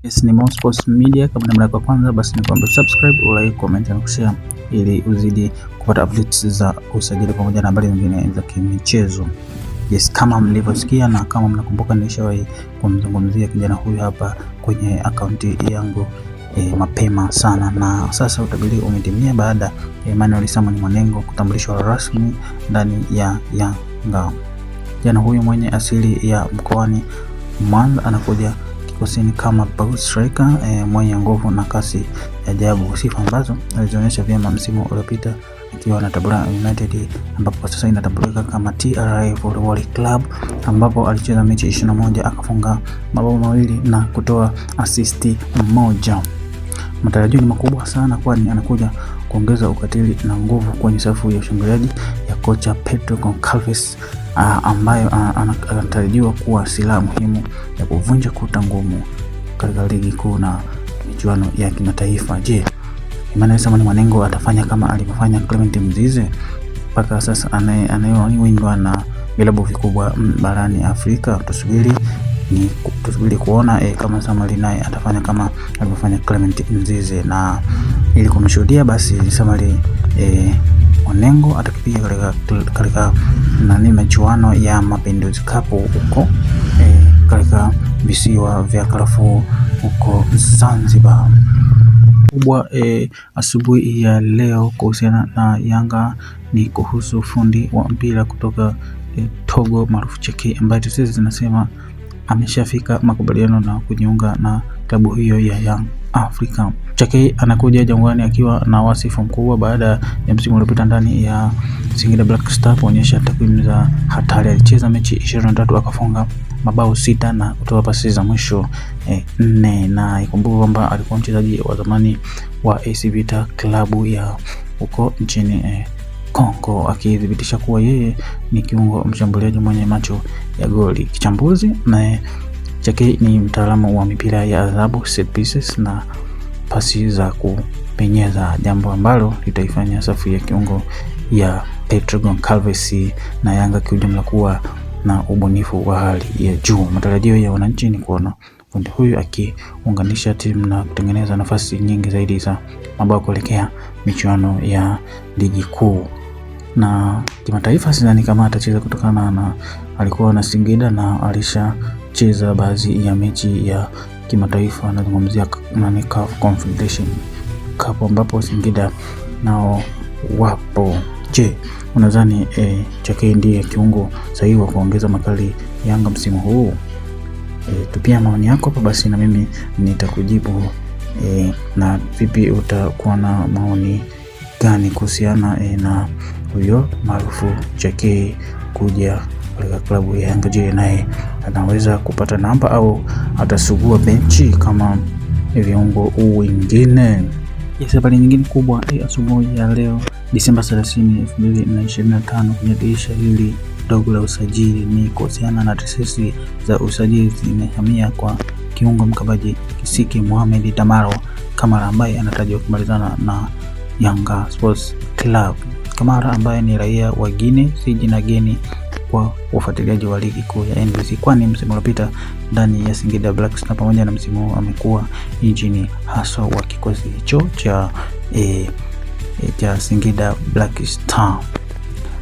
Yes, ni Mouse Media. Kama ni mara ya kwanza, basi ni kwamba subscribe, like, comment na kushare ili uzidi kupata updates za usajili pamoja na habari nyingine za kimichezo. Yes, kama mlivyosikia na kama mnakumbuka, nilishawahi kumzungumzia kijana huyu hapa kwenye akaunti yangu e, mapema sana na sasa utabiri umetimia baada ya Emmanuel Simon Mwanengo kutambulishwa rasmi ndani ya Yanga. Kijana huyu mwenye asili ya mkoani Mwanza anakuja Kusini kama Paul striker e, eh, mwenye nguvu na kasi ya ajabu, sifa ambazo alizionyesha vyema msimu uliopita akiwa na Tabora United ambapo sasa inatambulika kama TRA Volleyball Club ambapo alicheza mechi 21 akafunga mabao mawili na kutoa asisti moja. Matarajio ni makubwa sana, kwani anakuja kuongeza ukatili na nguvu kwenye safu ya ushambuliaji ya kocha Pedro Goncalves Ah, ambayo ah, anatarajiwa kuwa silaha muhimu ya kuvunja kuta ngumu katika ligi kuu na michuano ya kimataifa. Je, Emmanuel Simon Mwanengo atafanya kama alivyofanya Clement Mzize mpaka sasa anayewindwa na vilabu vikubwa barani Afrika? Tusubiri ni tusubiri kuona e, kama Samali naye atafanya kama alivyofanya Clement Mzize. Na ili kumshuhudia basi Samali e, eh, Mwanengo atakipiga katika katika nani michuano ya Mapinduzi Cup huko e, katika visiwa vya karafuu huko Zanzibar kubwa e, asubuhi ya leo kuhusiana na Yanga ni kuhusu fundi wa mpira kutoka e, Togo maarufu Cheki ambaye sisi zinasema ameshafika makubaliano na kujiunga na klabu hiyo ya Yanga. Afrika. Chake anakuja Jangwani akiwa na wasifu mkubwa baada ya msimu uliopita ndani ya Singida Black Star kuonyesha takwimu za hatari. Alicheza mechi 23 akafunga mabao sita na kutoa pasi za mwisho eh, nne, na ikumbuka kwamba alikuwa mchezaji wa zamani wa AC Vita klabu ya huko nchini eh, Kongo akithibitisha kuwa yeye ni kiungo mshambuliaji mwenye macho ya goli. Kichambuzi na eh, Jake ni mtaalamu wa mipira ya adhabu, set pieces na pasi za kupenyeza, jambo ambalo litaifanya safu ya kiungo ya Petro Goncalves na Yanga kiujumla kuwa na ubunifu wa hali ya juu. Matarajio ya wananchi ni kuona fundi huyu akiunganisha timu na kutengeneza nafasi nyingi zaidi za mabao kuelekea michuano ya ligi kuu na kimataifa. Sidhani kama atacheza kutokana na alikuwa na Singida na alisha kucheza baadhi ya mechi ya kimataifa, nazungumzia nani, CAF Confederation Cup ambapo Singida nao wapo. Je, unadhani e, Chake ndiye kiungo sahihi wa kuongeza makali Yanga msimu huu? E, tupia maoni yako hapa basi na mimi nitakujibu. E, na vipi utakuwa na maoni gani kuhusiana e, na huyo maarufu Chake kuja katika klabu ya Yanga. Je, naye anaweza kupata namba au atasugua benchi kama viungo wengine? Yes, habari nyingine kubwa hii asubuhi ya leo Disemba 30, 2025 kwenye dirisha hili dogo la usajili ni kuhusiana na taasisi za usajili zimehamia kwa kiungo mkabaji Kisiki Mohamed Tamaro Kamara ambaye anatarajiwa kumalizana na Yanga Sports Club. Kamara ambaye ni raia wa Guinea si jina geni kwa ufuatiliaji wa ligi kuu ya NBC, kwani msimu uliopita ndani ya Singida Black Stars pamoja na msimu huu amekuwa injini haswa wa kikosi hicho cha e, e, cha Singida Black Star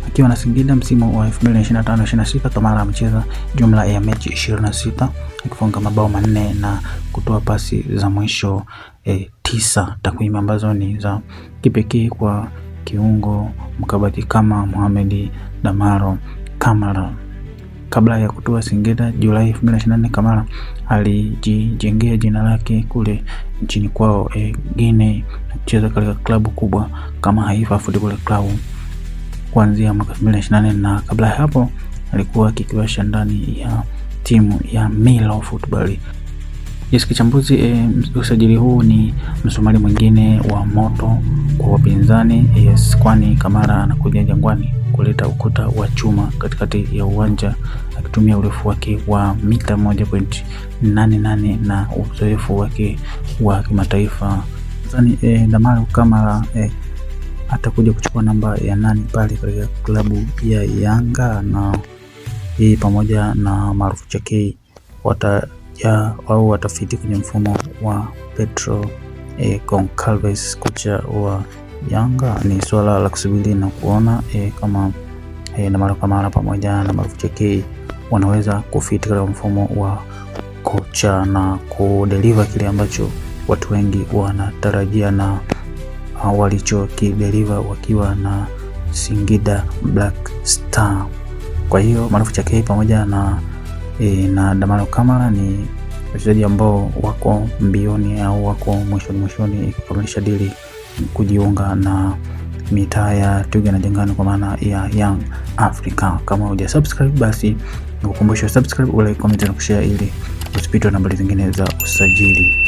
akiwa na Singida msimu wa 2025-26 Kamara amecheza jumla ya mechi 26 akifunga mabao manne na kutoa pasi za mwisho e, tisa, takwimu ambazo ni za kipekee kwa kiungo mkabati kama Mohamed Damaro. Kamara. Kabla ya kutua Singida Julai 2024, Kamara alijijengea jina lake kule nchini kwao e, Guinea na kucheza katika klabu kubwa kama Haifa Football Club kuanzia mwaka 2024 na kabla ya hapo alikuwa akikiwasha ndani ya timu ya Milo Football. Yes, kichambuzi e, usajili huu ni msumari mwingine wa moto kwa wapinzani yes, kwani Kamara anakuja Jangwani kuleta ukuta wa chuma katikati ya uwanja akitumia urefu wake wa mita 1.88 na uzoefu wake wa kimataifa. Nadhani eh, Damario Kamara eh, atakuja kuchukua namba ya nane pale katika klabu ya Yanga na hii pamoja na maarufu chake wataja au watafiti kwenye mfumo wa Petro eh, Goncalves kocha wa Yanga ni swala la kusubiri na kuona e, kama e, na mara kwa mara pamoja na Marufujeki wanaweza kufiti katika mfumo wa kocha na kudeliver kile ambacho watu wengi wanatarajia na ah, walichokideliver wakiwa na Singida Black Star. Kwa hiyo Marufujeki pamoja na e, na Damaro Kamara ni wachezaji ambao wako mbioni au wako mwishoni mwishoni kukamilisha dili kujiunga na mitaa ya Twiga na Jangwani kwa maana ya Young Africa. Kama uja subscribe basi nakukumbusha subscribe, ulike, comment na kushare ili usipitwe habari zingine za usajili.